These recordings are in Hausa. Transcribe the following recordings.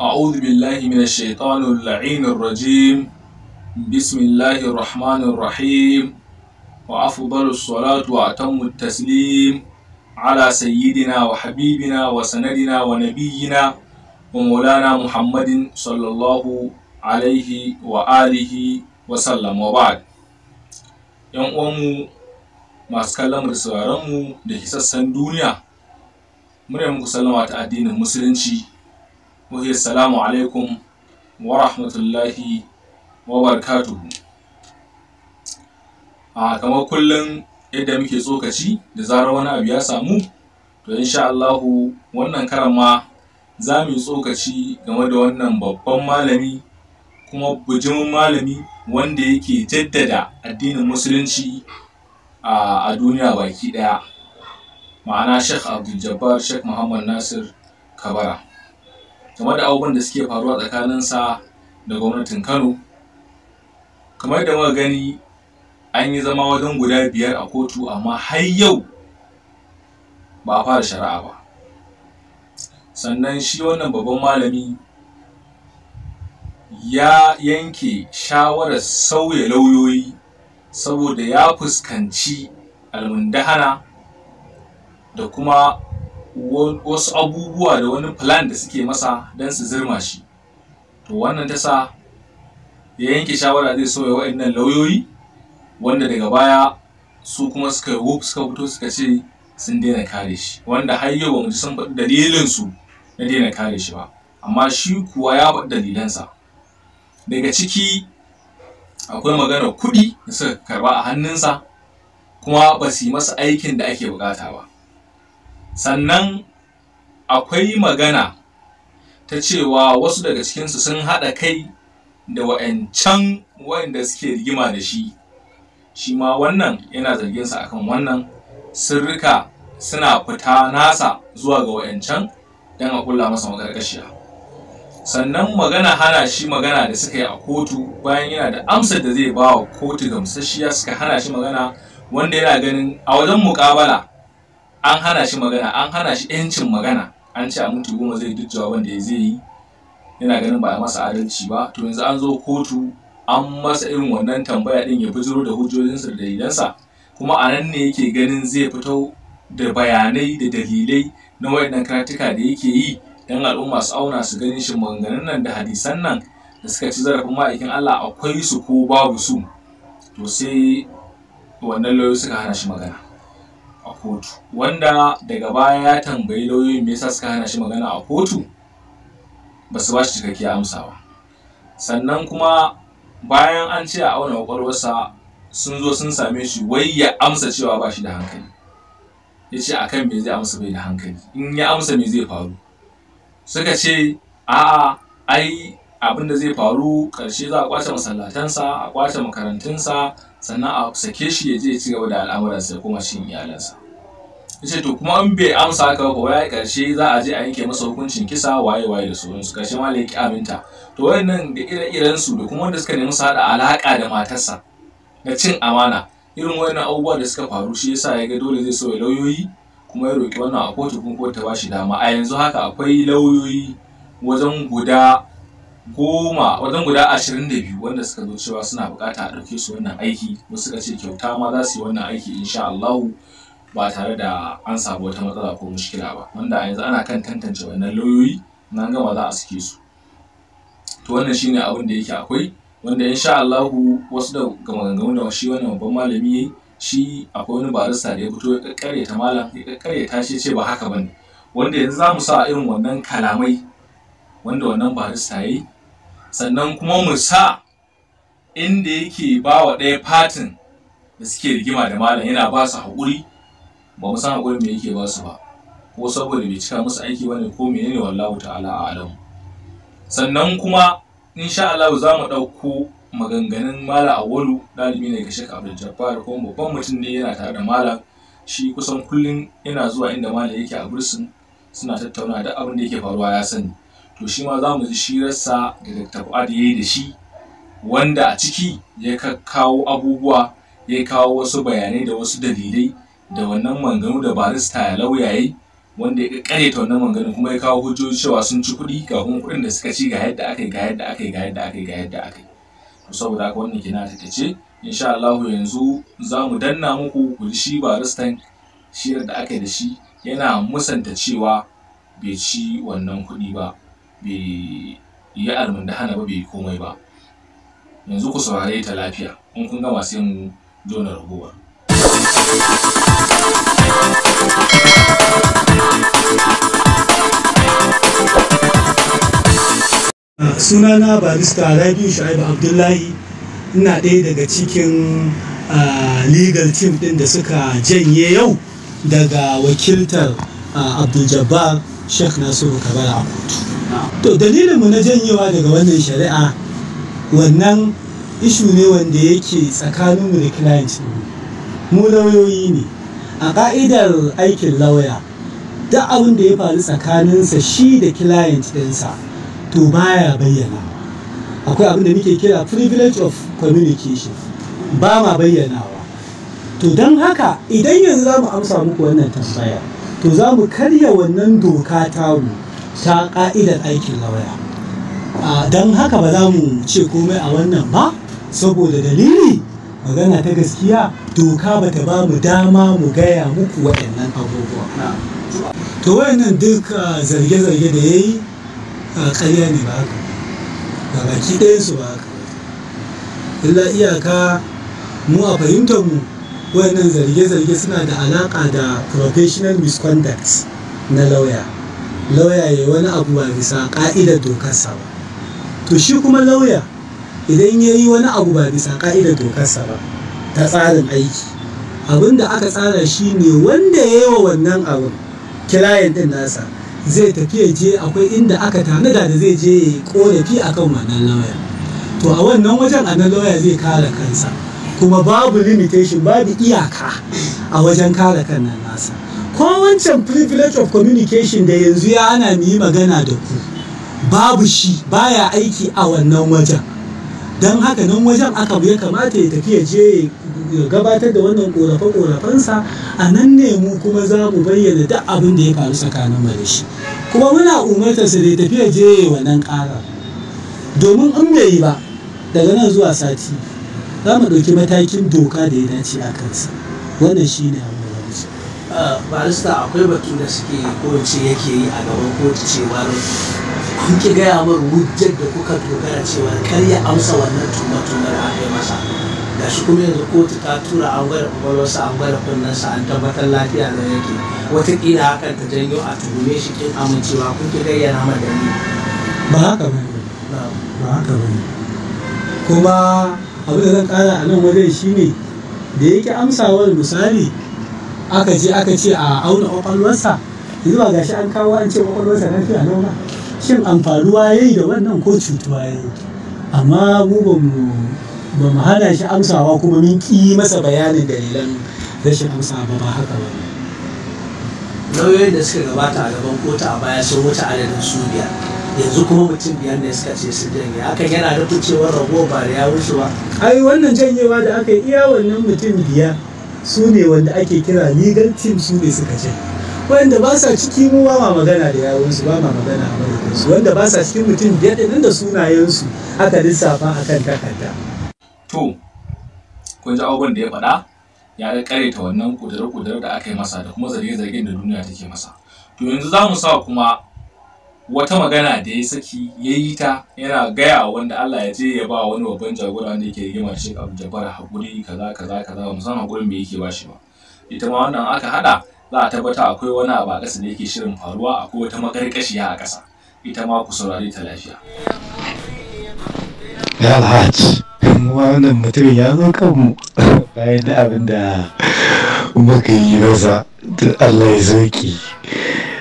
أعوذ بالله من الشيطان اللعين الرجيم بسم الله الرحمن الرحيم وأفضل الصلاة وأتم التسليم على سيدنا وحبيبنا وسندنا ونبينا ومولانا محمد صلى الله عليه وآله وسلم وبعد 'yan uwanmu masu kallon sauraron mu da ke sassan duniya muna muku sallama ta addinin musulunci muke salamu alaikum wa rahmatullahi wa barakatuhu a kamar kullum yadda muke tsokaci da zarar wani abu ya samu to insha Allahu wannan karama za mu yi tsokaci game da wannan babban malami kuma bujimin malami wanda yake jaddada addinin musulunci a duniya baki ɗaya, ma'ana sheikh abdul-jabbar sheikh muhammad nasir kabara game da abubuwan da suke faruwa tsakaninsa da gwamnatin kano kamar da muka gani an yi zama wajen guda biyar a kotu amma har yau ba a fara shari'a ba sannan shi wannan babban malami ya yanke shawarar sauya lauyoyi saboda ya fuskanci almundahana da kuma wasu abubuwa da wani plan da suke masa don su zirma shi to wannan ta sa ya yanke shawara zai sauya waɗannan lauyoyi wanda daga baya su kuma suka yi suka fito suka ce sun daina kare shi wanda har yau ba mu ji sun faɗi dalilinsu na daina kare shi ba amma shi kuwa ya faɗi dalilansa daga ciki akwai maganar kuɗi da suka karba a hannunsa kuma ba su yi masa aikin da ake bukata ba sannan akwai magana ta cewa wasu daga cikinsu sun haɗa kai da wa'ancan wa'anda suke rigima da shi shi ma wannan yana zarginsa akan wannan sirrika suna fita nasa zuwa ga wa'ancan don a kulla masa makarkashiya sannan magana hana shi magana da suka yi a kotu bayan yana da amsar da zai ba wa kotu gamsasshiya suka hana shi magana wanda yana ganin a wajen mukabala an hana shi magana an hana shi yancin magana an ce a mutu goma zai duk jawaban da zai yi yana ganin ba a masa adalci ba to yanzu an zo kotu an masa irin wannan tambaya din ya bijiro da hujjojinsa da dalilansa kuma a nan ne yake ganin zai fito da bayanai da dalilai na waɗannan karatuka da yake yi Yan al'umma su auna su gani shi maganganun nan da hadisan nan da suka ci zarafin ma'aikin Allah akwai su ko babu su to sai wannan lauyoyi suka hana shi magana a kotu wanda daga baya ya tambayi lauyoyin me yasa suka hana shi magana a kotu ba su ba shi cikakkiyar amsa ba sannan kuma bayan an ce a auna kwakwalwarsa sun zo sun same shi wai ya amsa cewa ba shi da hankali ya ce a kan me zai amsa bai da hankali in ya amsa me zai faru suka ce a'a ai abin da zai faru karshe za a kwace masallatansa a kwace makarantunsa sannan a sake shi ya je ya ci gaba da al'amuransa ya kuma cin iyalansa yace to kuma in bai amsa ka ba wai karshe za a je a yanke masa hukuncin kisa waye waye da sauransu karshe ma ya ki aminta to wayannan da ire-iren su da kuma wanda suka nemi su haɗa alaka da matarsa da cin amana irin wayannan abubuwa da suka faru shi yasa ya ga dole zai so ya lauyoyi kuma ya roƙi wannan a kotu kuma kotu ta ba shi dama a yanzu haka akwai lauyoyi wajen guda goma wajen guda ashirin da biyu wanda suka zo cewa suna buƙata a ɗauke su wannan aiki wasu suka ce kyauta ma za su yi wannan aiki insha Allah ba tare da an samu wata matsala ko mushkila ba wanda a yanzu ana kan tantance wannan lauyoyi na gama za a suke su to wannan shine abin da yake akwai wanda insha Allah wasu da maganganun da shi wannan babban malami yayi shi akwai wani barista da ya fito ya kakkare ta malam ya kakkare ta shi ce ba haka bane wanda yanzu za sa irin wannan kalamai wanda wannan barista yayi sannan kuma mu sa inda yake ba wa ɗaya fatin da suke rigima da malam yana ba su haƙuri ba mu san haƙuri me yake ba su ba ko saboda bai cika musu aiki bane ko menene wallahu ta'ala a alam sannan kuma insha Allah za mu ɗauko maganganun mala awalu dalibi ne ga shek abdul kuma babban mutum ne yana tare da malam shi kusan kullum yana zuwa inda malam yake a bursin suna tattauna da abin da yake faruwa ya sani to shi ma za mu ji shirarsa da dr da ya yi da shi wanda a ciki ya kawo abubuwa ya kawo wasu bayanai da wasu dalilai da wannan manganu da barista ya lauyaye wanda ya ta wannan manganu kuma ya kawo hujjoji cewa sun ci kuɗi ga kuma kuɗin da suka ci ga yadda aka ga yadda aka ga yadda aka ga yadda aka saboda haka wannan kenan ta ce insha Allah yanzu za mu danna muku ku ji shi baristan shiyar da aka yi da shi yana musanta cewa bai ci wannan kuɗi ba bai yi hana ba bai yi komai ba yanzu ku saurare ta lafiya in kun ga sai mu jona ragowar. sunana barista rabiu shu'aibu abdullahi ina ɗaya daga cikin legal team ɗin da suka janye yau daga wakiltar abdul-jabbar sheikh nasiru kabar a kotu to dalilinmu na janyewa daga wannan shari'a wannan ishu ne wanda yake tsakaninmu da client mu lauyoyi ne a ƙa'idar aikin lauya duk abin da ya faru tsakaninsa shi da client ɗinsa to ya bayyana akwai abin da muke kira privilege of communication ba ma bayyanawa to don haka idan yanzu za mu amsa muku wannan tambaya to za mu karya wannan doka tamu ta ka'idar aikin lauya don haka ba za mu ce komai a wannan ba saboda dalili magana ta gaskiya doka ba ta ba mu dama mu gaya muku waɗannan abubuwa to wayannan duk ah, zarge-zarge da ya a ƙarya ne ba haka ga baki su ba haka illa iyaka mu a fahimtar mu wayannan zarge-zarge suna da alaƙa da professional misconduct na lauya lauya ya wani abu ba bisa ƙa'idar dokarsa ba to shi kuma lauya idan ya yi wani abu ba bisa ƙa'idar dokarsa ba ta tsarin aiki abin da aka tsara shi ne wanda ya yi wa wannan abin kilayen ɗin nasa zai tafi ya je akwai inda aka tanada da zai je ya korafi akan wannan lauya to a wannan wajen a nan lauya zai kare kansa kuma babu limitation babu iyaka a wajen kare kan nan nasa ko wancan privilege of communication da yanzu ya ana mu yi magana da ku babu shi baya aiki a wannan wajen don haka nan wajen aka ya kamata ya tafi ya gabatar da wannan korafe-korafensa a nan ne mu kuma za mu bayyana duk abin da ya faru tsakanin mu da shi kuma muna umartar su da tafi ya je wannan ƙara domin in bai yi ba daga nan zuwa sati za mu ɗauki matakin doka da ya dace a kansa wannan shi ne barista akwai batu da suke ko yake yi a gaban kotu kun ki gaya min hujjar da kuka dogara cewa kar ya amsa wannan tuma tuma da aka yi masa ga shi kuma yanzu kotu ta tura an gwada kwakwalwarsa an gwada kunnensa an tabbatar lafiya da yake Wataƙila hakan ta janyo a tuhume shi kin amincewa kun ki gayyana ma dalili ba haka ba ba haka ba kuma abu da zan kara a nan wajen shine da yake amsawar misali aka je aka ce a auna kwakwalwarsa yanzu ba gashi an kawo an ce kwakwalwarsa lafiya nan ba shin amfaruwa ya yi da wannan ko cutuwa ya yi amma mu ba mu hana shi amsawa kuma mun ƙi masa bayanin dalilan rashin amsa ba ba haka ba lauyoyin da suka gabata a gaban kotu a baya sun wuce adadin su biyar yanzu kuma mutum biyar ne suka ce su janye hakan yana nufin cewa rabuwa ba da ya wuce ba ai wannan janyewa da aka yi iya wannan mutum biyar su ne wanda ake kira legal team su ne suka janye wanda ba sa ciki mu ba ma magana da yawansu, ba ma magana a madadinsu wanda ba sa cikin mutum biyar ɗin da sunayensu aka lissafa a kan takarda. To, kun ji abubuwan da ya faɗa ya ga ta wannan ƙudurar-ƙudurar da aka yi masa da kuma zarge-zargen da duniya take masa. To yanzu za mu sa kuma wata magana da ya saki ya yi ta yana gaya wanda Allah ya je ya ba wani babban jagora wanda yake rigima shi Abu Jabbar haƙuri kaza kaza kaza musamman haƙurin bai yake ba shi ba. Ita ma wannan aka haɗa za a tabbata akwai wani abu a ƙasa da yake shirin faruwa akwai wata makarƙashiya a ƙasa ita ma ku saurari ta lafiya. ya alhaji wannan mutum ya zo kanmu bayan da abin da muka yi masa duk allah ya zoki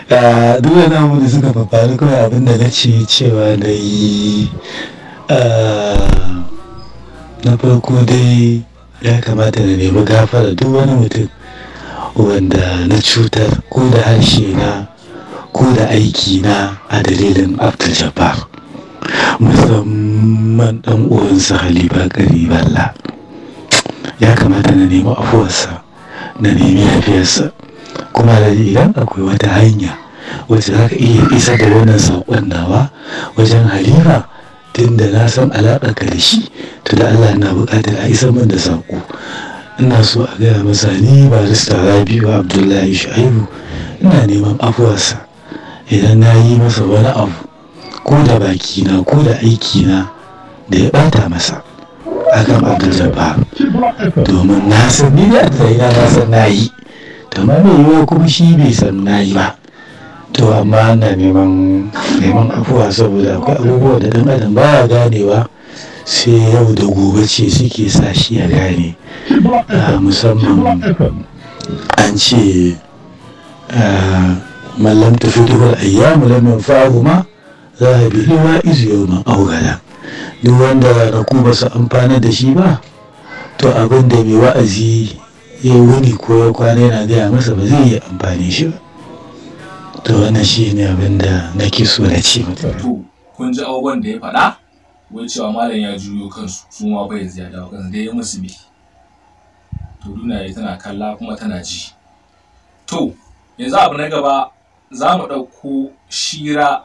ah, duk wani abu da suka faru kawai abin da na ce cewa na yi ah, na farko dai ya kamata na nemi gafara duk wani mutum wanda na cutar ko da harshena na ko da aiki na a dalilin abdul jabbar musamman dan uwansa haliba kariballa ya kamata na nemi afuwarsa na nemi yafiyarsa kuma da idan akwai wata hanya wacce za ka iya isa da wannan saƙon nawa wajen Halima tun da na san alaƙa ka da shi to da Allah na buƙatar a isa min da saƙo ina so a gaya masa ni barista rabiu abdullahi shaibu ina neman afuwarsa idan na yi masa wani abu ko da baki na ko da aiki na da ya bata masa akan ba. domin na san ni da yi na san na yi kamar mai wa kuma shi bai san na yi ba to amma na neman neman afuwa saboda akwai abubuwa da dan adam ba ganewa sai yau da gobe ce suke sa shi ya gane ah, musamman an ce ah, mallam tafi dubar ayyamu lam faru ma za a bi liwa izu yau man augala duk wanda raku ba su amfana da shi ba to abin da mai wa'azi ya yi wuni ko ya kwana yana gaya masa ba zai yi amfani shi ba to wannan shi ne abin da nake so na ce mutane kun ji abubuwan da ya faɗa wai cewa malam ya juyo kansu su ma fa yanzu ya dawo kansu dai ya musu bi to tana kalla kuma tana ji to yanzu abu na gaba za mu ɗauko shira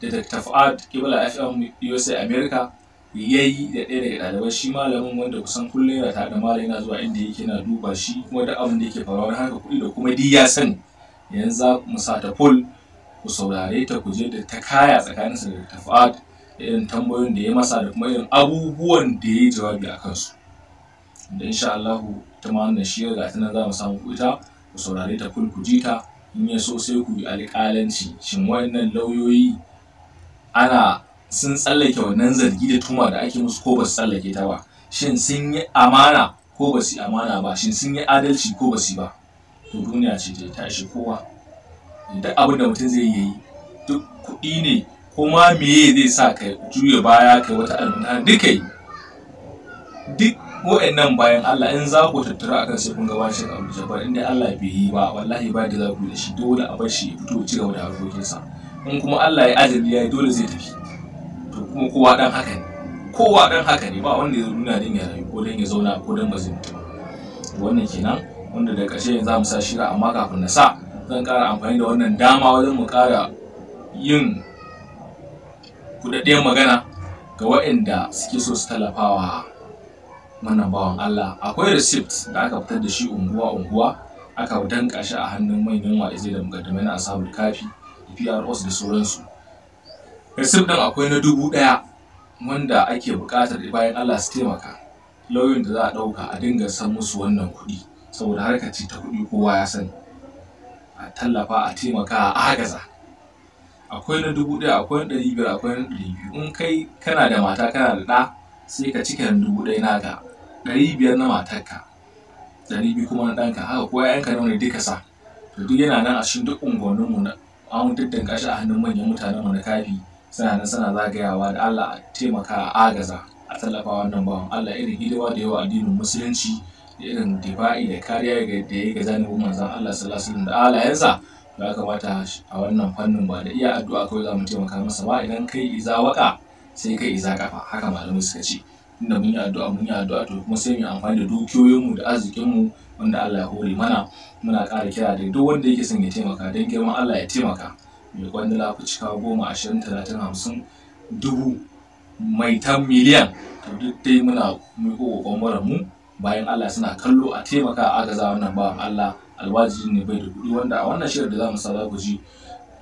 da Dr. Fuad Kibla FM USA America ya yi da ɗaya daga ɗalibai shi malamin wanda kusan kullum yana tare da malamin yana zuwa inda yake na duba shi kuma da abin da yake faruwa na haka kuɗi da kuma di ya sani yanzu za mu sa ta pol ku saurare ta kuje, da ta kaya tsakaninsa da Dr. Fuad irin tambayoyin da ya masa da kuma irin abubuwan da ya yi jawabi a kansu da insha Allah ta ma wannan shi ga tana za mu samu ku ita ku saurare ta kun ku jita in ya so sai ku yi alƙalanci shin wannan lauyoyi ana sun tsallake wannan zargi da tuma da ake musu ko ba su tsallake ta ba shin sun yi amana ko ba su yi amana ba shin sun yi adalci ko ba su ba to duniya ce ta tashi kowa duk abin da mutum zai yi duk kuɗi ne kuma meye zai sa ka juya baya kai wata almuna duka yi duk wa'annan bayan Allah in za ku tattara akan sai kun gaba shi Abu Jabbar inda Allah bai yi ba wallahi ba da za ku da shi dole a bar shi fito ci gaba da sa. in kuma Allah ya ajali ya yi dole zai tafi to kuma kowa dan haka ne kowa dan haka ne ba wanda ya nuna din ya rayu ko dan ya zauna ko dan ba zai mutu wannan kenan wanda da ƙarshe za mu sa shira amma kafin na sa zan ƙara amfani da wannan dama wajen mu ƙara yin buɗaɗɗiyar magana ga waɗanda suke so su tallafawa wannan bawan Allah akwai receipt da aka fitar da shi unguwa unguwa aka danka shi a hannun manyan wa'izai da mukaddamai na asabul kafi PROs da sauransu receipt din akwai na dubu ɗaya wanda ake buƙatar bayan Allah su taimaka lauyoyin da za a ɗauka a dinga san musu wannan kuɗi saboda harkar ce ta kuɗi kowa ya sani a tallafa a taimaka a agaza akwai na dubu ɗaya akwai na ɗari biyar akwai na ɗari biyu in kai kana da mata kana da ɗa sai ka cika na dubu ɗaya naka ɗari biyar na matarka ɗari biyu kuma na ɗanka haka ko ƴaƴanka nawa ne duka sa to duk yana nan a cikin duk unguwannin mu an daddanka a hannun manyan mutanen mu na kafi suna nan suna zagayawa da Allah a taimaka a agaza a tallafa wannan bawan Allah irin hidima da yawa addinin musulunci da irin difa'i da kariya da ya ga zanibin manzon Allah sallallahu alaihi wasallam da alayensa ya kamata a wannan fannin ba da iya addu'a kawai za mu taimaka masa ba idan kai iza waka sai kai iza kafa haka malamai suka ce inda mun yi addu'a mun yi addu'a to kuma sai mu yi amfani da dukiyoyin mu da arzikin mu wanda Allah ya hore mana muna ƙara kira da duk wanda yake son ya taimaka dan girman Allah ya taimaka mai kwandala ku cika goma ashirin talatin hamsin dubu mai tan miliyan to duk dai muna miko kokon mu bayan Allah suna kallo a taimaka a gaza wannan ba. Allah alwajin ne bai da kuɗi wanda a wannan shirin da za mu sa za ku ji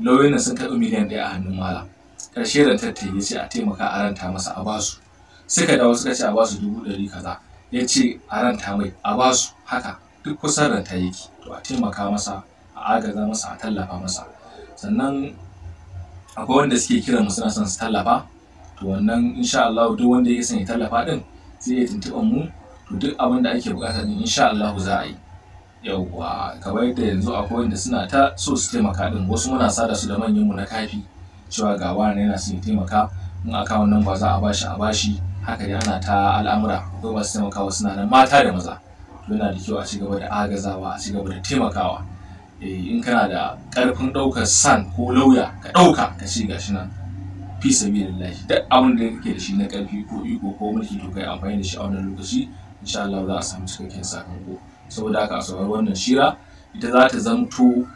lauyoyin sun karɓi miliyan ɗaya a hannun malam ƙarshe da tattai ya ce a taimaka a ranta masa a basu suka dawo suka ce a basu dubu ɗari kaza ya ce a ranta mai a basu haka duk kusan ranta yake to a taimaka masa a agaza masa a tallafa masa sannan akwai wanda suke kiran mu suna son su tallafa to wannan insha Allah duk wanda ya son ya tallafa din sai iya tuntuɓar mu to duk abin da ake bukata din insha Allah za a yi yawwa kamar yadda yanzu akwai wanda suna ta so su taimaka din wasu muna sada su da manyanmu na kafi cewa ga wani yana son ya taimaka in kawo nan ba za a bashi a bashi haka dai ana ta al'amura akwai masu taimakawa suna nan mata da maza to yana da kyau a ci gaba da agazawa a ci gaba da taimakawa eh, in kana da karfin ɗaukar san ko lauya ka ɗauka ka ci gashi nan fi lahi duk abin da kake da shi na karfi ko iko ko mulki to kai amfani da shi a wannan lokaci insha Allah za a samu cikakken sakamako saboda haka a saurari wannan shira ita za ta zamto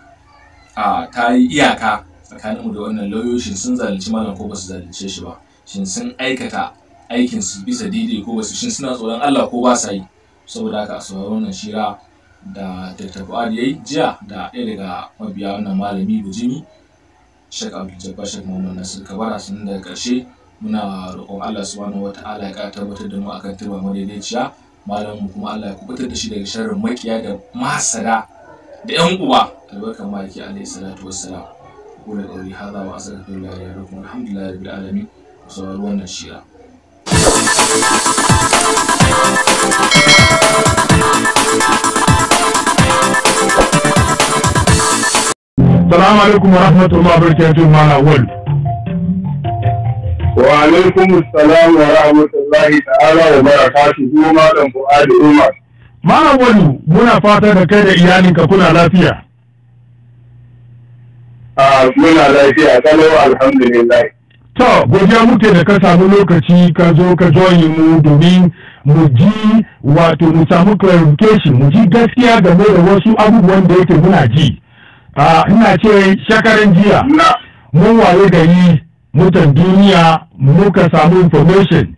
a ta yi iyaka mu da wannan lauyoshin sun zalunci malam ko ba su zalunce shi ba shin sun aikata aikin su bisa daidai ko ba su shin suna tsoron Allah ko ba sa yi saboda haka a saurari wannan shira da Dr. Fuad ya yi jiya da ɗaya daga mabiya wannan malami bujimi Sheikh Abdul Jabbar Sheikh Muhammad Nasir Kabara sun daga ƙarshe muna roƙon Allah subhanahu wata'ala ya ƙara tabbatar da mu akan turba madaidaiciya mu kuma Allah ya kubutar da shi daga sharrin makiya da masara da yan uwa albarkar maliki alayhi salatu wassalam kula da wuri hada wa asar da lillahi ya rubu alhamdulillah rabbil alamin sauraron wannan shira. Salamu alaikum wa wabarakatuh Mala وعليكم السلام ورحمة wa تعالى وبركاته wa barakatuhu ma dan ما Umar. Malam Wani muna fata da kai da iyalinka kuna lafiya. A muna lafiya kalau alhamdulillah. To, godiya muke da ka samu lokaci ka zo ka joyi mu domin mu ji wato mu samu clarification mu ji gaskiya game da wasu abubuwan da yake muna ji. ina ce shakaran jiya mun waye gari mutan duniya muka samu information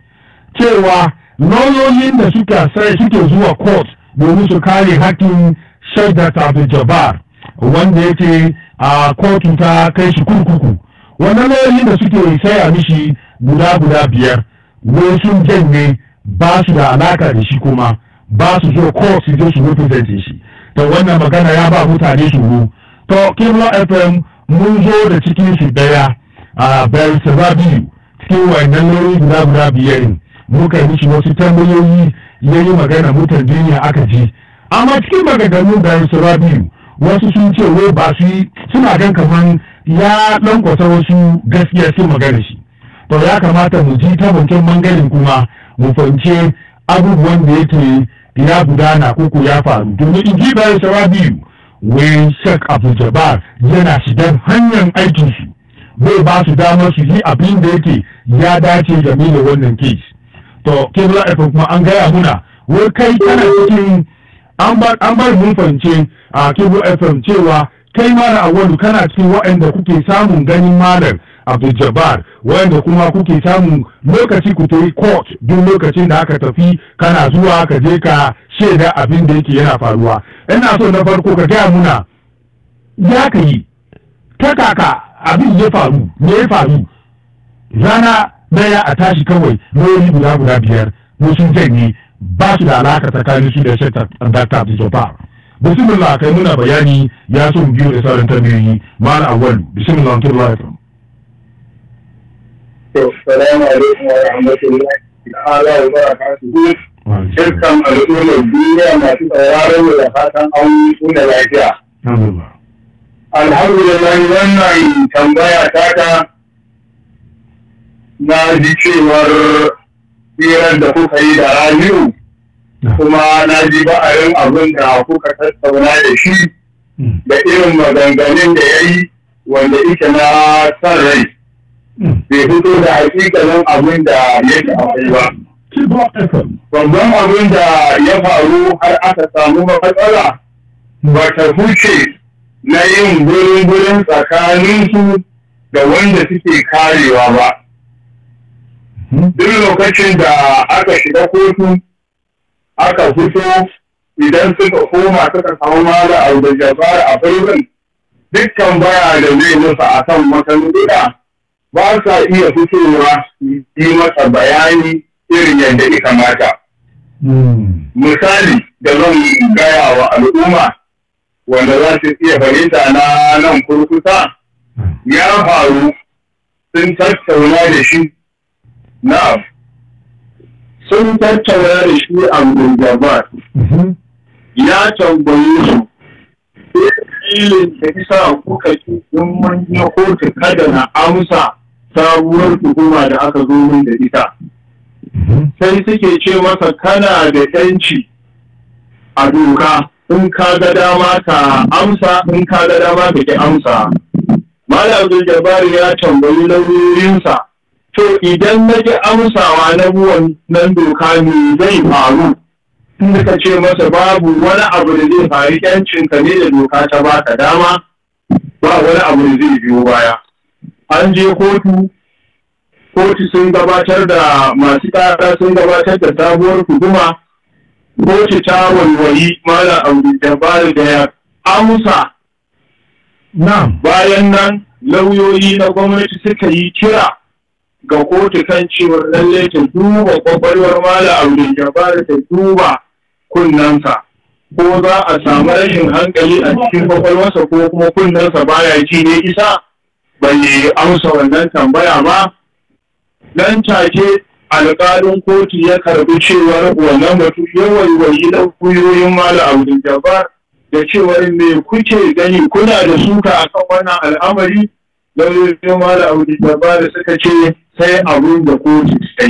cewa lauyoyin da suka sai suke zuwa court domin su kare hakkin shaidat abdul-jabbar wanda yake a kotu ta kai shi kurkuku wannan lauyoyin da suke saya mishi guda guda biyar wai sun janye ba su da alaka da shi kuma ba su zo court su je su represent shi to wannan magana ya ba mutane shuru to kimla fm mun zo da cikin shi daya a barista biyu cikin wayannan nauyi guda guda biyar muka yi mishi wasu tambayoyi ya yi magana mutan duniya aka ji amma cikin maganganun barista biyu wasu sun ce wai ba su yi suna gan kaman ya lankwasa wasu gaskiya sun magana shi to ya kamata mu ji ta bankin mangalin kuma mu fahimce abubuwan da yake ya gudana koko ya faru domin in ji bayan biyu wai shak abu jabar yana shigar hanyar aikinsu zai ba su damar su yi abin da yake ya dace mu da wannan kes to kebula fm kuma an gaya muna wai kai kana cikin an bar mun fahimce a kebula fm cewa kai mara wani kana cikin waɗanda kuke samun ganin malar abdul jabbar waɗanda kuma kuke samun lokaci ku tafi court duk lokacin da aka tafi kana zuwa ka je ka shaida abin da yake yana faruwa ina so na farko ka gaya muna ya ka yi ta kaka abin ya faru me ya faru rana daya a tashi kawai nauyi guda guda biyar wasu janye ba su da alaka tsakanin su da shekta dr abdul bismillah kai muna bayani ya so biyu da sauran tambayoyi mala awal bismillah tun lafiya Assalamu alaikum wa rahmatullahi ta'ala wa barakatuhu. Dukkan al'ummar duniya masu tsauraran da fatan auni kuna lafiya. alhamdulillah wannan tambaya tata na ji cewar hirar da kuka yi da rayu kuma na ji ba'arin abin da kuka tattauna da shi da irin maganganun da ya yi wanda ita na san rai bai fito da hakikalin abin da ya shafi ba. Babban abin da ya faru har aka samu matsala ba ta huce na yin gurin-gurin tsakaninsu da wanda suke karewa ba. Duk lokacin da aka shiga kotu, aka fito idan suka koma suka kawo mara a da jabar a birnin dukkan baya da zai musu a kan matan ba sa iya fitowa yi masa bayani irin yadda ya kamata. Hmm. Misali da zan gaya wa al'umma wanda za su iya fahimta na nan kurkusa ya faru sun tattauna da shi na sun tattauna da shi a gungaba ya tambaye su ilin da isa kuka ci don manya ko kotu kada na amsa sabuwar hukuma da aka zo min da ita sai suke ce masa kana da yanci a doka in ka ga dama ka amsa in ka ga dama ka ki amsa malam abdul jabbar ya tambayi lauyoyinsa to idan na ji amsawa na buwan nan doka ne zai faru in ka ce masa babu wani abu da zai faru yancin ka ne da doka ta ba ka dama ba wani abu da zai biyo baya an je kotu kotu sun gabatar da masu kara sun gabatar da sabuwar kuduma wacce ta walwali mala aure da bari da ya amsa bayan nan lauyoyi na gwamnati suka yi kira ga kotu kan cewar lalle ta duba kwakwalwar mala aure da bari ta duba kunnansa ko za a samu rashin hankali a cikin kwakwalwarsa ko kuma kunnansa baya ci ne isa bai amsa wannan tambaya ba nan take alƙalin kotu ya karɓi cewar wannan batu ya waiwayi da kuyoyin mala jabbar da cewar me kuke gani kuna da suka akan wannan al'amari lauyoyin mala abdul jabbar suka ce sai abun da kotu ta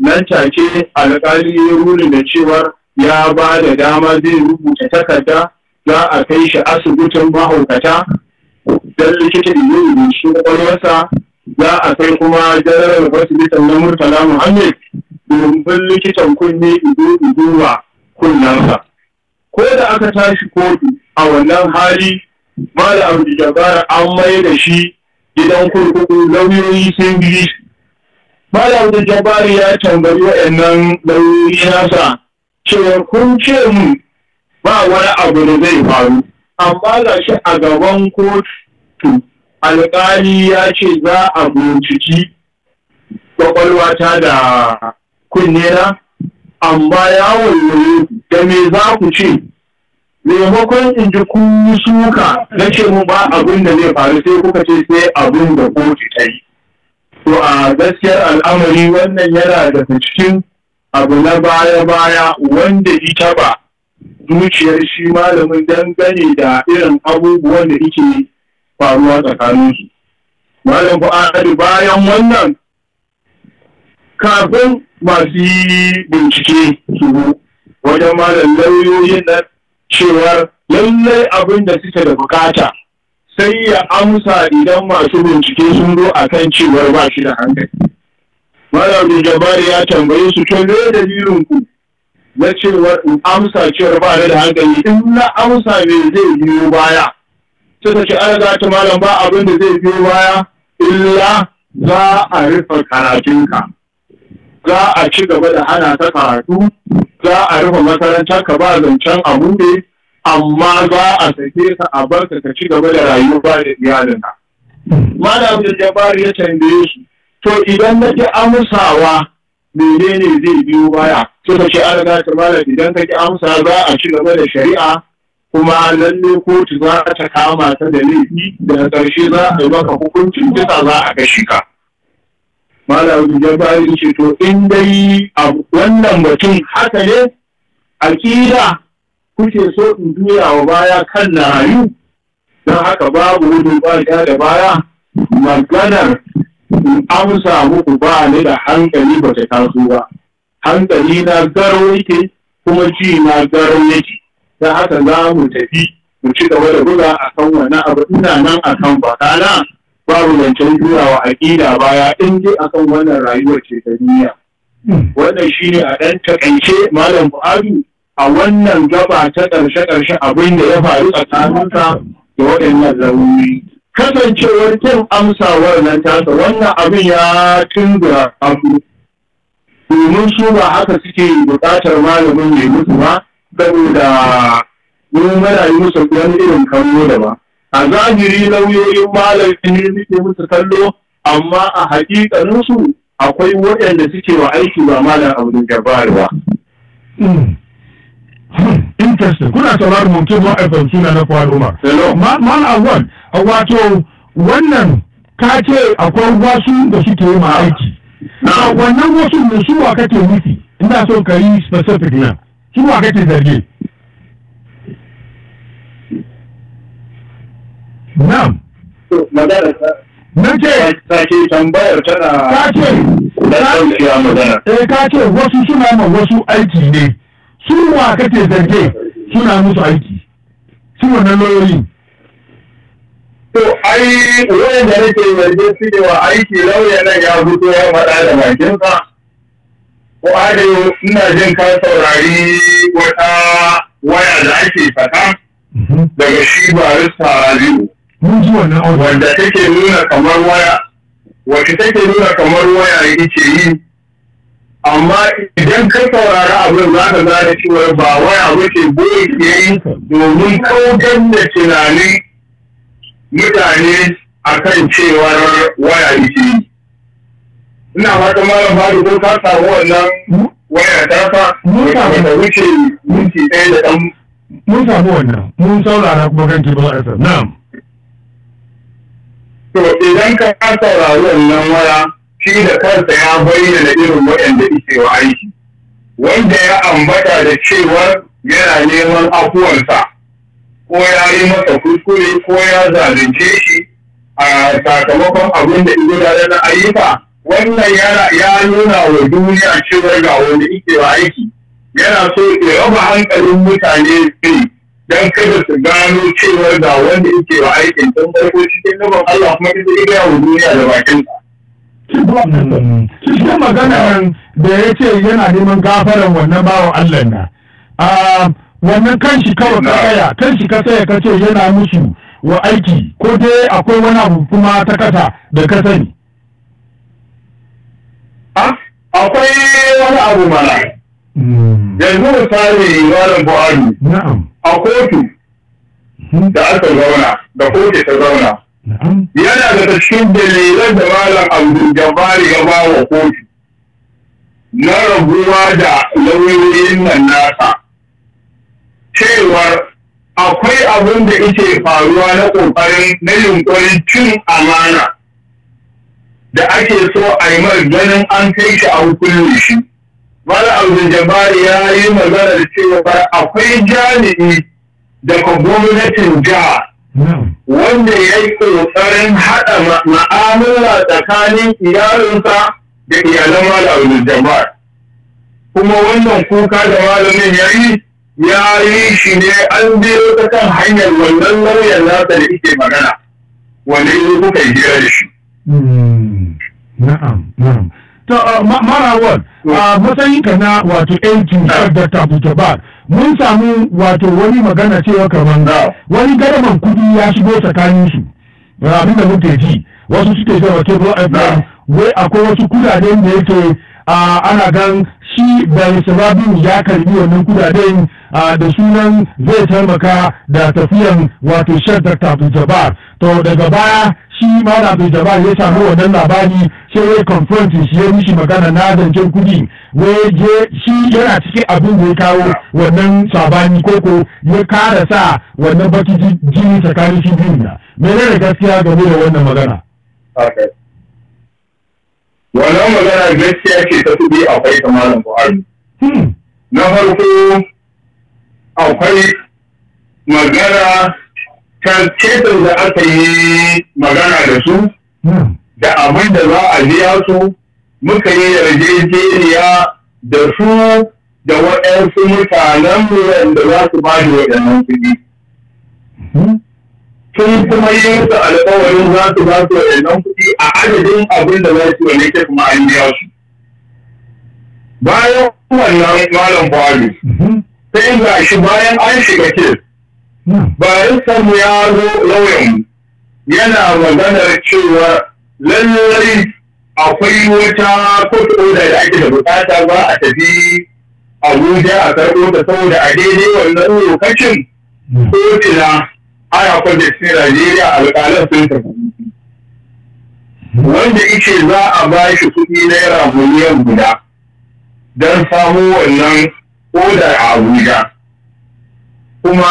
nan take alƙali ya ruri da cewar ya ba da dama zai rubuta takarda za a kai shi asibitin mahaukata don likita da yi rubutu ƙwaƙwalwarsa za a kai kuma jarar fasilitan na murtala muhammed domin likitan kunne ido wa kunnansa ko da aka tashi kotu a wannan hali da abu jabara an mai da shi gidan kurkuku lauyoyi sun ba da abu jabara ya tambayi waɗannan lauyoyi nasa cewa kun ce mu ba wani abu da zai faru amma ga shi a gaban kotu alƙali ya ce za a binciki kwakwalwata da kunnena amma ya wayoyi da me za ku ce maimakon in ji ku suka na ce mu ba abin da zai faru sai kuka ce sai abin da kotu ta yi to a gaskiyar al'amari wannan yana daga cikin abu na baya-baya wanda ita ba zuciyar shi malamin dangane da irin abubuwan da ike faruwa tsakaninsu. Malam Fu'adu bayan wannan kafin masu yi bincike su wajen malam lauyoyin na cewar lallai abin da suke da bukata sai ya amsa idan masu bincike sun zo a kan cewar ba shi da hankali. Malam Jabari ya tambaye su to me dalilin ku na cewar in amsa cewar ba da hankali in na amsa me zai biyo baya. sai ta ce an za ta malam ba abin da zai biyo baya illa za a rufe karatunka za a ci gaba da hana ta karatu za a rufe makarantar ka ba zancen a buɗe amma za a sake ka a barka ka ci gaba da rayuwa da iyalinka malam da jabari ya tambaye shi to idan na ji amsawa menene zai biyo baya sai ta ce an za ta malam idan ka ki amsa za a ci gaba da shari'a kuma lalle kotu za ta kama ta da laifi da ƙarshe za a yi maka hukuncin kisa za a kashe ka. ya Jabari ce to in dai a wannan mutum haka ne aƙida kuke so in duya wa baya kan na hayu don haka babu wani ba da baya maganar in amsa muku ba ni da hankali ba ta taso ba hankali na garo yake kuma ji na garo yake da haka za mu tafi mu ci gaba da buga a kan wani abu ina nan a kan bakana babu zancen jurawa aƙida baya in dai a kan wannan rayuwar ce ta duniya. Wannan shi ne a ɗan taƙaice Malam Bu'adu a wannan gaba ta ƙarshe-ƙarshe abin da ya faru tsakaninsa da waɗannan rauni. Kasancewar kin amsawar nan tasa wannan abin ya tunzura abu. Domin su ba haka suke buƙatar malamin mai musu ba, saboda mun mara yi musu wani irin kallo da ba a zahiri lauyoyin malami muke musu kallo amma a hakikanin su akwai waɗanda suke wa aiki ba malam abu jabbar ba hmm. interesting kuna sauraron mutum ba a suna na kwado ma malam awwal wato wannan ka ce akwai wasu da suke yi ma aiki wannan wasu ne su wa kake nufi ina so ka yi specific nan shi wa kake zargi na'am Nace sake tambayar tana kace da magana. Eh kace wasu suna ma wasu aiki ne. Su wa kake zarge suna musu aiki. Su wannan lauyoyin. To ai wayan da nake zarge su wa aiki lauya nan ya fito ya faɗa da bakinsa. Ware ina jin ka saurari wata waya da ake fata mhm. daga shi ba Aliyu. Mun a Wanda take nuna kamar waya, wacce take nuna kamar waya yake yi. Amma idan ka saurari abin za ka gane cewa ba waya bace goyi ke yi domin kautar da tunanin mutane a kan cewar waya yake yi. ina fatan malam Fadu ko ka samu wannan waya ta fa mun eh, samu da wuce minti ɗaya da ɗan mun samu wannan mun saurara kuma kan a san na'am to idan ka saurari wannan waya shi da kansa ya bayyana irin waɗanda ike wa aiki wanda ya ambata da cewar yana neman afuwansa ko ya yi masa kuskure ko ya zalunce shi a sakamakon abin da ido da ayyuka wannan ya nuna wa duniya cewar ga wani ike wa aiki yana so ya raba hankalin mutane ne don kada su gano cewar ga wanda ike wa aikin don farko cikin nufin Allah kuma ita ita yawo duniya da bakin Cikin maganar da ya ce yana neman gafaran wannan bawan Allah na, wannan kan shi kawai ka tsaya, shi ka tsaya ka ce yana musu wa aiki ko dai akwai wani abu kuma ta kasa da ka sani. akwai wani abu mana hmm. yanzu misali malam buhari a kotu hmm. da aka zauna da kotu ta zauna yana da cikin dalilan da malam abdul jabari ya ba wa kotu na rabuwa da lauyoyin nan nasa cewar akwai abin da ike faruwa na ƙoƙarin na yunƙurin cin amana da ake so a yi mara ganin an kai shi a hukunin shi mala abdul jabari ya yi magana da cewa akwai jami'i daga gwamnatin jiha wanda ya yi ƙoƙarin haɗa ma'amala tsakanin iyalinsa da iyalan Abdul Jabari. kuma wannan kuka da malamin ya yi ya yi shi ne an biyo ta kan hanyar wannan lauyan nasa da ike magana wanda yanzu kuka yi da shi hmm. na'am na'am to uh, marawon a mm. uh, matsayinka na wato yankin dr bujabar mun samu wato wani magana cewa kamar wani garaman kudi ya shigo tsakanin su abin da muke ji wasu suke zama table fm wai akwai wasu kudaden da yake uh, ana gan shi bai sababin ya karbi wannan kudaden da sunan zai taimaka da tafiyan wato shan dr jabar to daga baya shi mara jabar ya samu wannan labari sai ya confront shi ya mishi magana na zancen kudi wai je shi yana cikin abin da ya kawo wannan sabani koko ya kara sa wannan baki jini tsakanin shi biyu na menene gaskiya game da wannan magana wannan magana gaskiya ce ta kuɗi akwai ta malam buhari hmm. na farko akwai magana ta ketar da aka yi magana da su hmm. da abin da za a biya su muka yi yarjejeniya da su da waɗansu mutanen da za su ba da waɗannan kuɗi. Hmm. sun kuma yi musu alkawarin za su ba su waɗannan kuɗi a adadin abin da za su wane ke kuma an biya su. Bayan wannan malam Buhari, sai ga shi bayan an shiga ke, bayan mu ya zo lauyan yana maganar cewa lallai akwai wata kotu oda da ake da bukata ba a tafi Abuja a karɓo ta saboda a daidai wannan lokacin kotu na ana kwalta cikin Najeriya alƙalin sun tafi. Wanda yake za a ba shi kuɗi naira miliyan guda don samo wannan odar a Abuja. Kuma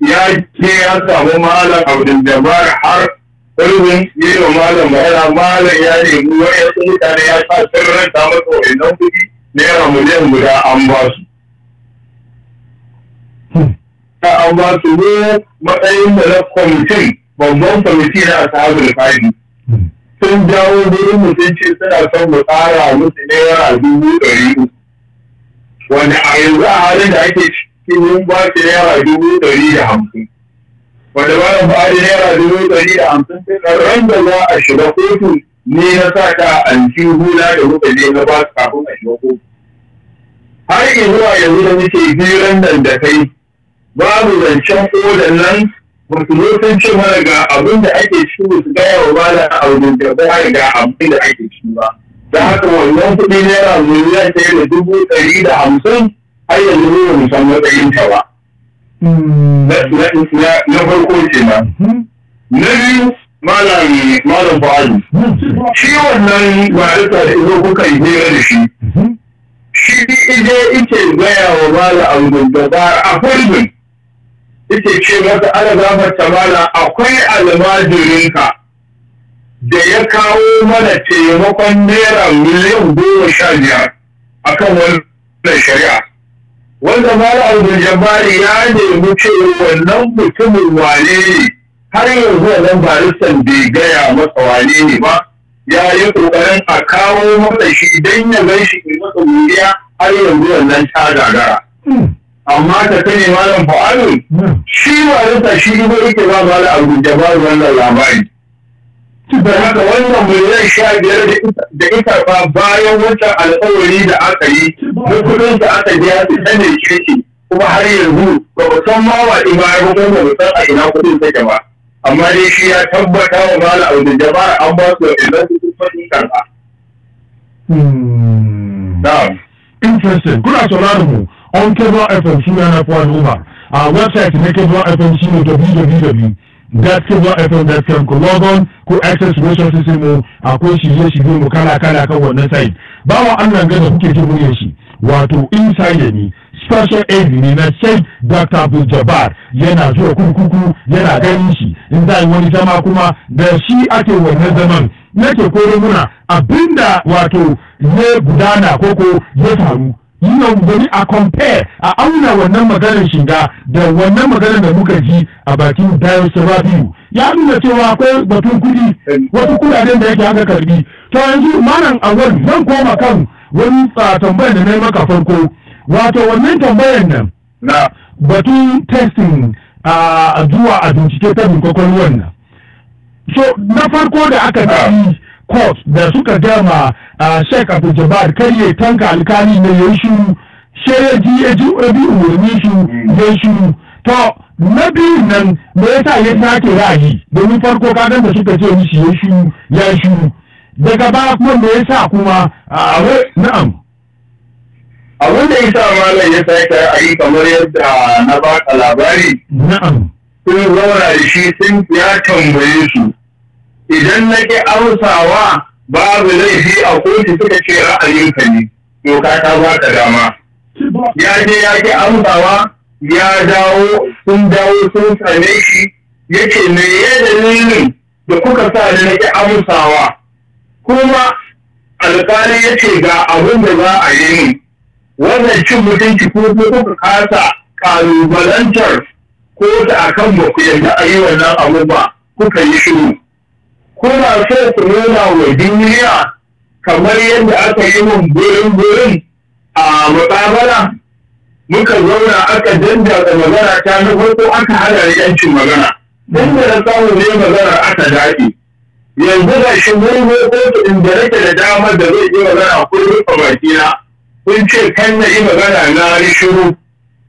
ya ke ya samu malam Abdul har ƙarfin yi wa malam bayana malam ya nemi wa'yansu mutane ya sa sirranta masa wa'yannan kuɗi naira miliyan guda an ba su. ta an ba su ne matsayin da na kwamitin babban kwamiti na ashabul fadi sun jawo gurin mu sun ce suna son mu tsara musu naira dubu ɗari uku wanda a yanzu a halin da ake cikin mun ba su naira dubu ɗari da hamsin wanda ba na ba naira dubu ɗari da hamsin sai ɗan da za a shiga kotu ne na sa ta aljihu na da muka je na ba su kafin a shiga kotu har zuwa yanzu da muke hirar nan da kai babu zancen kodan nan ba su ce mara ga abin da ake ci ba su gaya wa da abin da ba ga abin da ake ci ba da haka wannan kuɗi naira miliyan ɗaya da dubu ɗari da hamsin har yanzu ne mu san matsayin ta ba. Hmm. Na farko ma. Hmm. Na biyu malam malam fa'adu. Hmm. Shi wannan marasa da ido kuka yi hira da shi. Shi ije ike gaya wa da abin da ba a farbin. yake ce masa ana ta tamala akwai almajirinka da ya kawo mana taimakon naira miliyan goma sha biyar a kan wannan shari'a wanda mara abdul jabari ya nemi ce wannan mutumin wane ne har yanzu wannan barisan bai gaya masa wane ne ba ya yi ƙoƙarin a kawo masa shi don ya gan shi masa wuriya har yanzu wannan ta gagara. Hmm. amma ta sani malam fa'adu shi ba rasa shi ne yake ba ba da abu da ba wannan labari da haka wannan miliyan sha biyar da ita ba bayan wancan alƙawari da aka yi da kudin da aka biya su ne shi kuma har yanzu ba ku san ma wa ɗin ba ba san a ina kudin take ba amma dai shi ya tabbata wa malam abu da ba an ba su da karɓa. Hmm. Interesting. Kuna sauraron mu. on FM shi na a website na Kebra FM shi ne www.kebra.fm.com ku log on ku access radio system mu akwai shirye-shirye mu kala-kala kan wannan site bawa an ga da kuke ji muryar shi wato inside ne special aid ne na sheikh dr abdul jabbar yana zuwa kurkuku yana ganin shi in za wani zama kuma da shi ake wannan zaman nake kore muna abinda wato ya gudana koko ya faru yi gani a compare a auna wannan maganar shiga da wannan maganar da muka ji a bakin dayo sarabiyu ya nuna cewa akwai batun kudi wasu kudaden da yake aka karbi to yanzu malam awal zan koma kan wani tambayar da na yi maka farko wato wannan tambayar nan na batun testing a zuwa a bincike ta kwakwalwar nan so na farko da aka yi court da suka gama sheik abu jabar kar ya tanka alkali na ya shiru she ya ji ya ji rabi umarni shi ya shiru to na biyun nan me yasa ya sake ra'ayi domin farko kagan da suka ce mishi ya shiru ya shiru daga ba kuma me yasa kuma a na'am abin da ya sa malam ya sake yi kamar yadda na baka labari na'am sun zauna da shi sun ya tambaye su idan na ƙi amsawa babu laifi a kotu suka ce ka ne doka ta ba ka dama ya je ya ƙi amsawa ya dawo sun dawo sun same shi yake me ya dalilin da kuka sa da na ƙi amsawa kuma alƙali ya ce ga abin da za a yi ni wannan cin mutunci ko kuka kasa ƙalubalantar ko ta akan ba ku yarda a yi wannan abu ba kuka yi shiru kuna so ku nuna wa duniya kamar yadda aka yi mun gurin gurin a mutabara muka zauna aka dandaza magana ta na farko aka hada da yancin magana dan da samu ne magana aka daɗe yanzu ga shi mun zo kotu inda nake da damar da zai yi magana ko rufe bakina kun ce kan na yi magana na shiru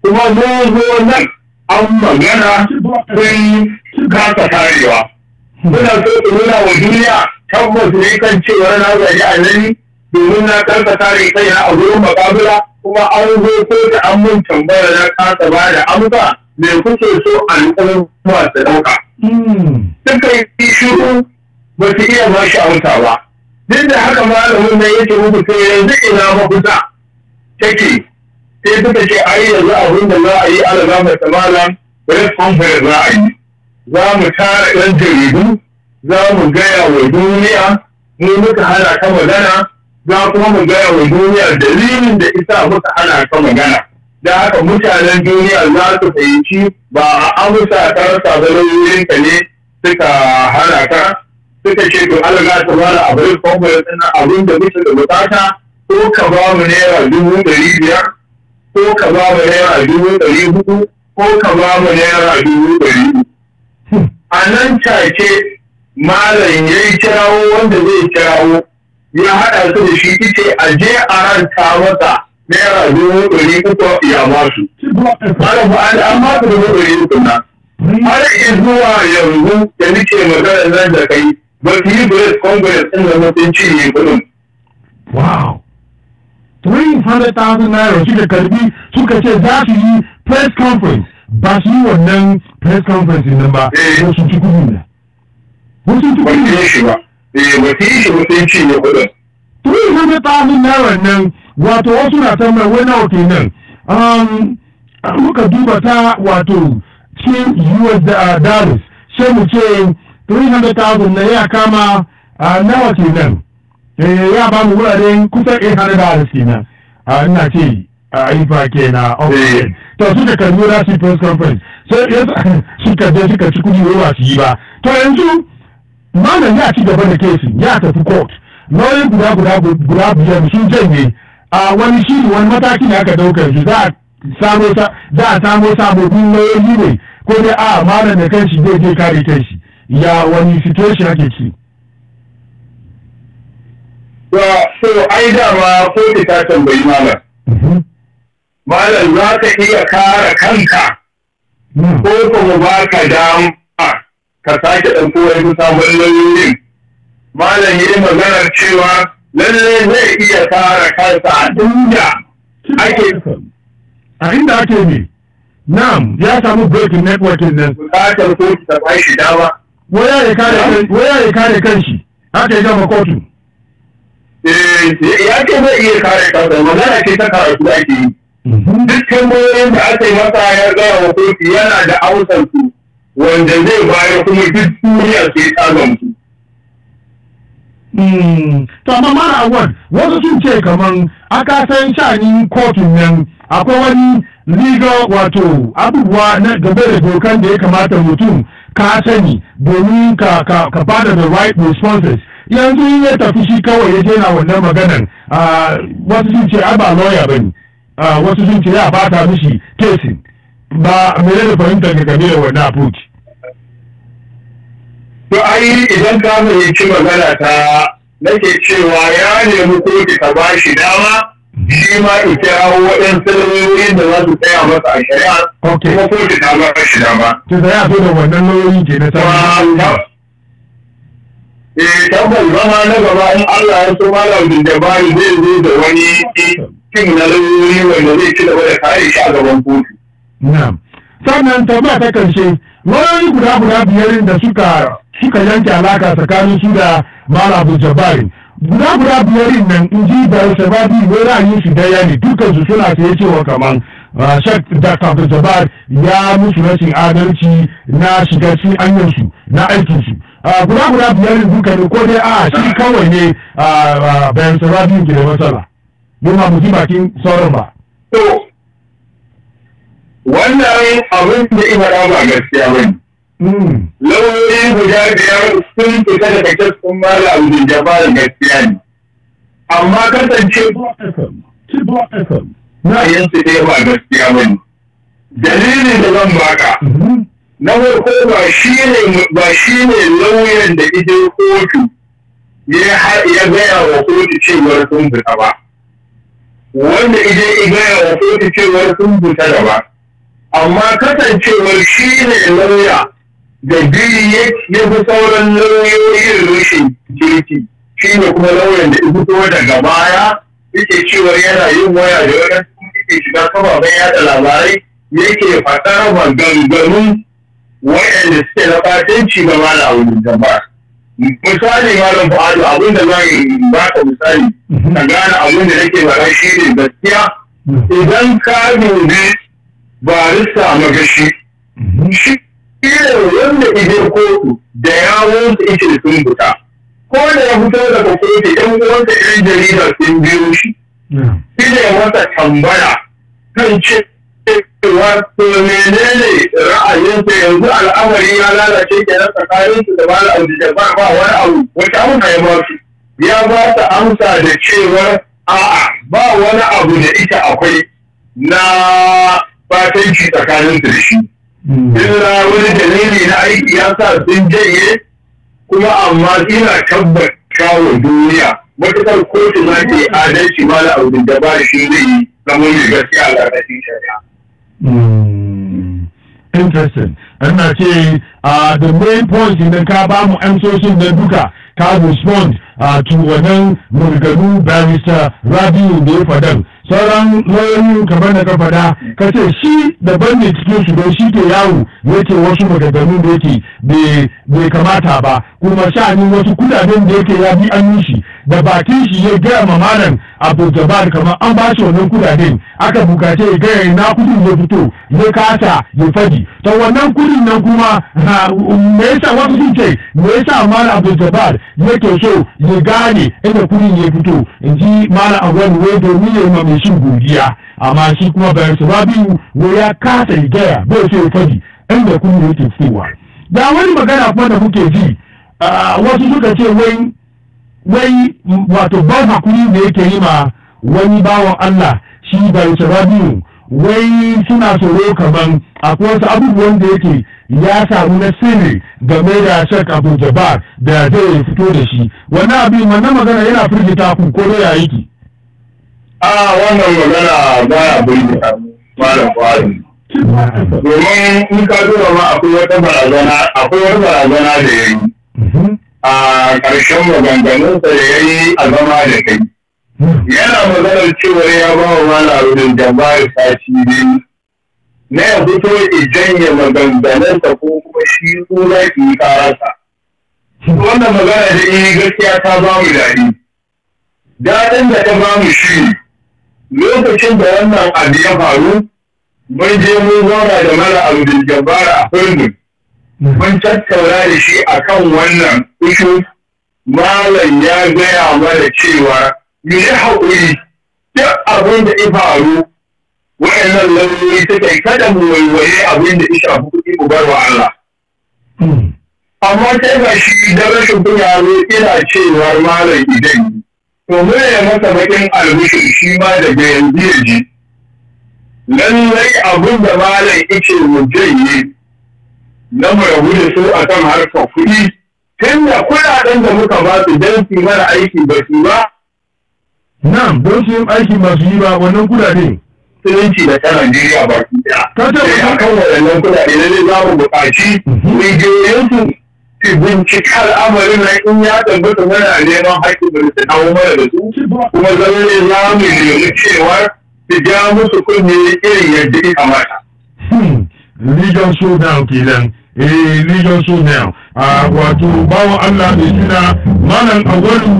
kuma mun zo nan an magana kun kasa karewa muna so ku nuna wa duniya tabbas ne kan cewa na a nan domin na karkata ne na a gurin makabula kuma an zo ko da an mun tambaya na kasa ba da amsa me kuke so al'umma ta ɗauka. Hmm. duka yi shiru ba su iya ba shi amsa ba. Duk da haka malamin nan yake muku sai yanzu ina Ta take sai suka ce a yi yanzu abin da za a yi ala zama tsamala press conference za a yi. za mu tara ɗan jaridu za mu gaya wa duniya mu muka hana ka magana za kuma mu gaya wa duniya dalilin da isa muka hana ka magana da haka mutanen duniya za su fahimci ba a amsa ta rasa zarurin ka ne suka hana ka suka ce to Allah ya ta bada a bari kwamfani ɗin abin da muke da bukata ko ka ba mu naira dubu ɗari biyar ko ka ba mu naira dubu ɗari hudu ko ka ba mu naira dubu ɗari uku a nan take malam ya yi kirawo wanda zai kirawo ya haɗa su da shi ita a je a ranta masa naira dubu ɗari uku ya masu. Malam Ana ba an su dubu ɗari uku na. Har zuwa yanzu da nake magana nan da kai ba su yi Grace Congress ɗin da mutum ci ne kudin. Wow. 300,000 naira da karbi suka ce za su yi press conference ba shi wannan press conference nan ba eh. ko sun ci kudi ne ko sun ci kudi ne shi ba eh ba sai shi ba sai ci ne kudin to yi zama ta min na wannan wato wasu na tambaya wai nawa kenan um muka duba ta wato cikin US uh, dollars sai mu ce 300,000 na ya kama uh, nawa kenan eh, ya ba mu wuraren kusan 800 dollars kenan uh, ina ce a ah, ifa kenan okay to suka karbi nasu press conference sai yanzu suka je suka ci kudi ba su yi ba to yanzu malam ya ci gaba da kesi ya tafi court lauyoyin guda guda guda biyar sun janye a wani shi wani mataki ne aka dauka shi za a samo za a samo sababbin lauyoyi ne ko dai a malam da kanshi zai je kare kanshi ya wani situation ake ci so ai dama ko ta tambayi malam mhm. malam za ka iya kare kanka hmm. ko kuma ba ka dama ka sake ɗauko wani sabon lalurin malam yi maganar cewa lalle zai iya kare kansa a duniya ake a inda ake ne Nam ya samu breaking networking nan bukatar kotu ta ba shi dama waya ya kare kanshi ta yi gama kotu eh, ya ce zai iya kare kansa magana ce ta karatu ake yi duk kalmomin da aka yi masa ya gaya wa kotu yana da amsar su wanda zai bayar kuma duk duniya sai ta gamsu. Hmm. to amma mara awon wasu sun ce kaman aka san shani kotun nan akwai wani legal wato abubuwa na gaba da dokan da ya kamata mutum ka sani domin ka ka ba da the right responses yanzu ya tafi shi kawai ya je na wannan maganan ah, wasu sun ce aba lawyer bane wasu sun ce ya bata mishi kesin ba mere da fahimtar ga game da wannan approach to ai idan ka ci magana ta nake cewa ya nemi kotu ka ba shi dama shi ma in hawo waɗansu lauyoyin da za su tsaya masa a shari'a kuma kotu ta ba shi dama. To sai a da wannan lauyoyin ke na E, Eh tabbas zama na gaba in Allah ya so malam da bari zai zo da wani cin na lauyoyi wanda zai ci gaba da kare shi a gaban kotu. Na'am. Sannan tambaya ta karshe lauyoyi guda guda biyar da suka suka yanke alaka tsakanin su da Malabu Jabari. Guda guda biyar nan in ji da Shababi wai ra'ayin shi daya ne dukkan su suna sai cewa kaman ah, Shek Dr. Abdul Jabbar ya musu rashin adalci na shiga cikin anyansu su na aikinsu. Ah, guda guda biyar duka ko dai a ah, shi kawai ne Bayan Shababi ke da matsala. mu ba mu ji bakin sauran ba. To, wannan abin da ina ba gaskiya ba ne. Hmm. Lauyoyi guda biyar sun fita da kake sun mala abin da ba gaskiya ne. Amma kasance na yin su dai ba gaskiya ba ne. Dalilin da zan baka. Hmm. Na farko ba shi ne ba shi ne lauyan da idan kotu ya gaya wa kotu cewar sun fita ba. wanda idan gaya wa kotu cewar sun buta gaba amma kasancewar shi ne lauya da biyu ya fi sauran lauyoyin rushin kirki shi ne kuma lauyan da fito daga baya yake cewar yana yin waya da wani yake shiga sababan yada labarai yake faɗar ganganun waɗanda suke na fatanci ga malamin jama'a misali malam fa'adu abin da zan ka misali ka gane abin da nake faɗa shi ne gaskiya idan ka dubi barista magashi shi ne wanda idan kotu da ya su ita sun fita ko da ya fito daga kotu yan uwansa yan jarida sun biyo shi hmm. shi ne masa tambaya kan ce wato menene ra'ayinsa yanzu al'amari ya lalace kenan tsakanin su da malam da ba ba wani abu wata abu na ya ba su ya ba ta amsa da cewar a'a ba wani abu da ita akwai na fatanci tsakanin su da shi illa wani dalili na aiki ya sa sun janye kuma amma ina tabbata wa duniya matukar kotu ma ke adalci da malam da ba shi zai yi zama mai gaskiya a ƙarƙashin shari'a Mm. Interesting ana ce uh, the main point ne ka ba mu amsoshin da duka ka respond uh, to wannan murganu barista rabiu da ya fadan sauran lauyoyin kamar da ka fada ka ce shi daban ne cikin su don shi ke yawo ke wasu maganganu da yake bai kamata ba kuma sha'anin wasu kudaden da yake ya bi an yi shi da bakin shi ya gaya ma malam abu jabar kamar an ba shi wannan kudaden aka bukace ya gaya na kudin ya fito ya kasa ya fadi ta wannan kudin sirrin nan kuma me yasa wasu sun ce me yasa mala abdul jabbar yake so ya gane inda kudin ya fito in ji mala agwani wai domin ya yi mai shi godiya amma shi kuma bayan su yi wai ya kasa ya gaya bai sai ya faɗi inda e kudin yake fitowa da wani magana kuma da kuke ji wasu suka ce wai wai wato ban hakuri da yake yi ma wani bawan Allah shi bayan su wai suna tsoro kaman akwai wasu abubuwan da yake ya samu na sirri game da shek abu jabar da zai fito da shi wannan abin wannan magana yana firgita ku ko yi ki? a wannan magana ba ya burgita malam kwari. domin in ka zo ma akwai wata barazana akwai wata barazana da yayi mhm. a ƙarshen maganganunsa da yayi a zama da kai yana maganar cewa ya ba wa mana abin jama'ar sati ne na ya fito ya janye maganganunsa ko kuma shi suna ki yi karasa wannan magana da yi gaskiya ta ba mu daɗi daɗin da ta ba mu shi lokacin da wannan abu ya faru mun je mun zauna da mara abu jabbar a firmin mun tattauna da shi akan wannan ishu malam ya gaya mana cewa mu yi haƙuri duk abin da ya faru wa'annan lauyoyi suke kada mu waiwaye abin da ya shafi kuɗi mu bar wa Allah. Amma sai ga shi da rashin kunya ne ina cewa malam idan to mu ya masa bakin albishir shi ma da yanzu ya ji. Lallai abin da malam ice mu yi na mu da su akan harkar kuɗi tunda kuɗaɗen da muka ba su don su mana aiki ba su ba Nam don su yin aiki masu yi ba wannan kudade. Sunanci da kan Najeriya ba su da. Ta ce ba eh, kan waɗannan kudade na ne za mu buƙaci miliyoyinsu mhm. su bincika al'amarin na in ya tabbata mana neman haƙƙi da su dawo mana da su. Kuma zama ne za mu nemi cewa su ja musu kunne irin yadda ya kamata. Legion hmm, showdown kenan. Eh, Legion showdown. A ah, wato bawan Allah mai suna Malam Awalu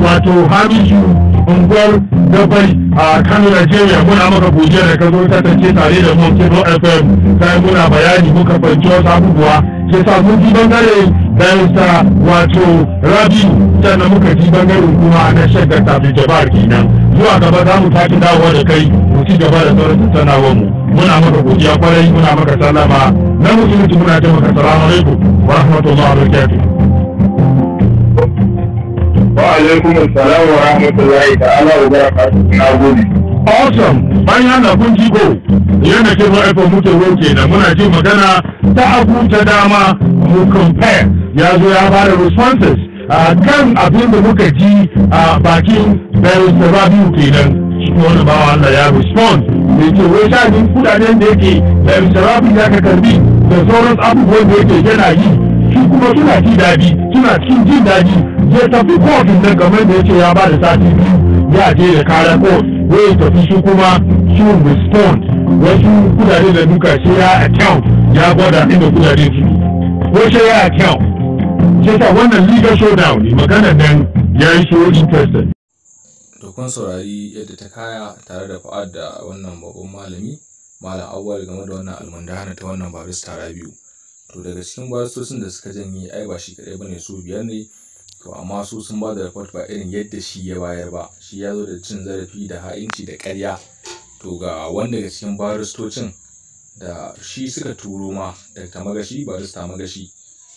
wato Hamisu unguwar gabai a kano nigeria muna maka buje da ka zo ce tare da mu kino fm sai muna bayani muka fahimci wasu abubuwa ke sa mun ji bangare sa wato rabi sannan muka ji bangaren kuma na shagar tafi jabar kenan zuwa gaba za mu taki dawowa da kai mu ci gaba da sauran tattaunawar mu muna maka godiya kwarai muna maka sallama na mutum muna ce maka salamu alaikum wa rahmatullahi wa barakatuh Wa alaikum assalam wa rahmatullahi ta'ala wa barakatuh. Na gode. Awesome. Bayan na kun ji ko yana ce ba aiko mutu ko kenan muna ji magana ta abu ta dama mu compare ya zo ya bada responses a kan abin da muka ji a bakin Barrister Rabiu kenan. Shi wani bawa Allah ya respond. Mai ce wai sha kudaden da yake Barrister Rabiu ya ka karbi da sauran abubuwan da yake yana yi. Shi kuma suna ji daji suna cikin jin daji. ya tafi kofin nan game da ya ce ya ba da sati biyu ya je ya kara ya yi tafi shi kuma shi respond wasu kudade da duka shi ya account ya gwada inda kudade su ko shi ya account shi ta wannan legal showdown ne maganar nan ya yi show interested dokon saurari yadda ta kaya tare da fa'ad da wannan babban malami malam awwal game da wannan hana ta wannan barista rabiu to daga cikin sun da suka janye ai ba shi kadai bane su biyar ne to amma su sun ba da report ba irin yadda shi ya bayar ba shi ya zo da cin zarafi da ha'inci da ƙarya to ga wanda ga cikin baristocin da shi suka turo ma da ta magashi barista magashi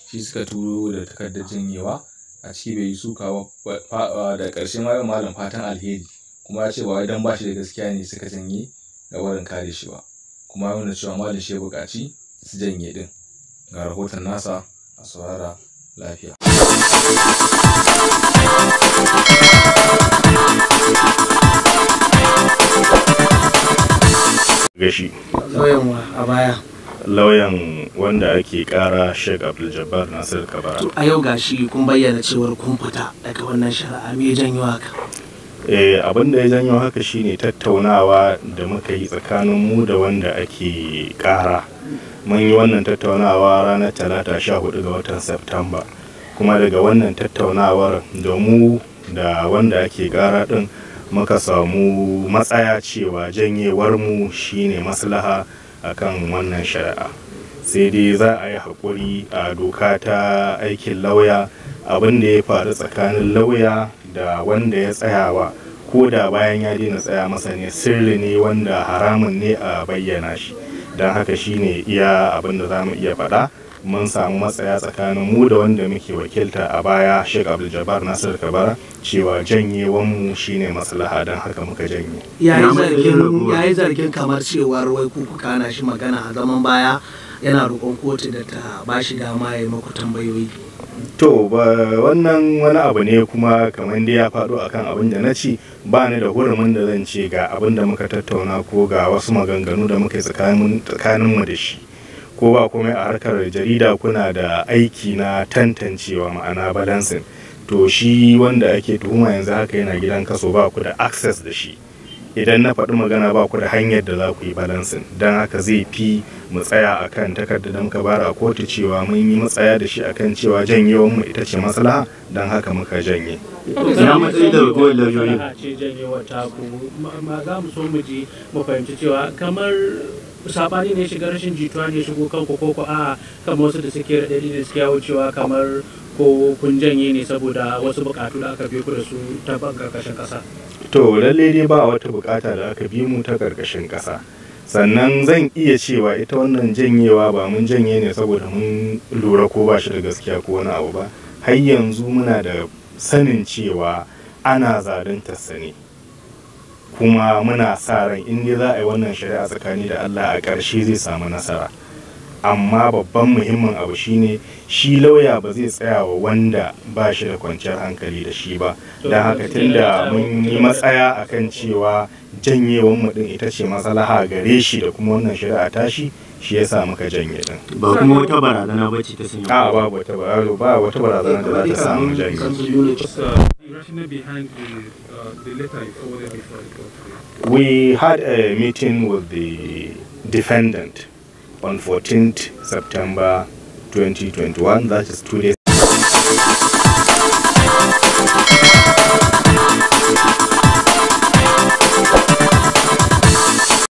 shi suka turo da takardar janyewa a ciki bai yi suka ba da ƙarshen ma malam fatan alheri kuma ya ce ba wai dan ba shi da gaskiya ne suka janye da wurin kare shi ba kuma ya nuna cewa malam shi ya buƙaci su janye din ga rahoton nasa a saurara lafiya gashi lauyan a baya lauyan wanda ake kara sheik abdul-jabbar nasir kabara a yau gashi kun bayyana cewar kun fita daga wannan shari'a me janyo haka eh abin da ya janyo haka shine tattaunawa da muka yi tsakanin mu da wanda ake kara mun yi wannan tattaunawa ranar talata 14 ga watan september kuma daga wannan tattaunawar da mu da wanda ake kara din muka samu matsaya cewa janyewar mu shine maslaha akan wannan shari'a sai dai za a yi haƙuri a doka ta aikin lauya abin da ya faru tsakanin lauya da wanda ya tsayawa ko da bayan ya daina tsaya masa ne sirri ne wanda haramun ne a bayyana shi don haka shine iya abin da za mu iya faɗa mun samu matsaya tsakanin mu da wanda muke wakilta a baya Sheikh Abdul Jabbar Nasir Kabara cewa janyewan mu shine maslaha dan haka muka janye. Yayi zargin kamar cewa wai kuka kana shi magana a zaman baya yana roƙon kotu da ta bashi dama ya maku tambayoyi. to ba wannan wani abu ne kuma kamar da ya faɗo akan abin da na ci ba ni da hurumin da zan ce ga abin da muka tattauna ko ga wasu maganganu da muka yi mu da shi ko ba komai a harkar jarida kuna da aiki na tantancewa ma'ana balansin to shi wanda ake tuhuma yanzu haka yana gidan kaso ba ku da access da shi idan na faɗi magana ba ku da hanyar da za ku yi balansin don haka zai fi mu tsaya a kan takardar da muka bara a kotu cewa mun yi matsaya da shi akan cewa janyewar mu ita ce masala don haka muka janye. Ina matsayi da ce sabani ne shiga rashin jituwa ne shigo kan ko ko a kan wasu da suke raɗaɗi da suke wucewa kamar ko kun janye ne saboda wasu bukatu da aka bi ku da su ta karkashin kasa to lalle dai ba wata bukata da aka bi mu ta karkashin kasa sannan zan iya cewa ita wannan janyewa ba mun janye ne saboda mun lura ko ba shi da gaskiya ko wani abu ba har yanzu muna da sanin cewa ana zaluntar sa kuma muna sa ran in dai za a yi wannan shari'a tsakani da Allah a ƙarshe zai samu nasara amma babban muhimmin abu shine shi lauya ba zai tsaya wa wanda ba shi da kwanciyar hankali da shi ba don haka da mun yi matsaya a kan cewa janyewan mu din ita ce maslaha gare shi da kuma wannan shari'a tashi shi ya sa muka janye din ba kuma wata barazana ba ce ta sanya ba wata barazana ba wata barazana da za ta samu janye rationale behind the, uh, letter before We had a meeting with the defendant on 14th September 2021, that is two days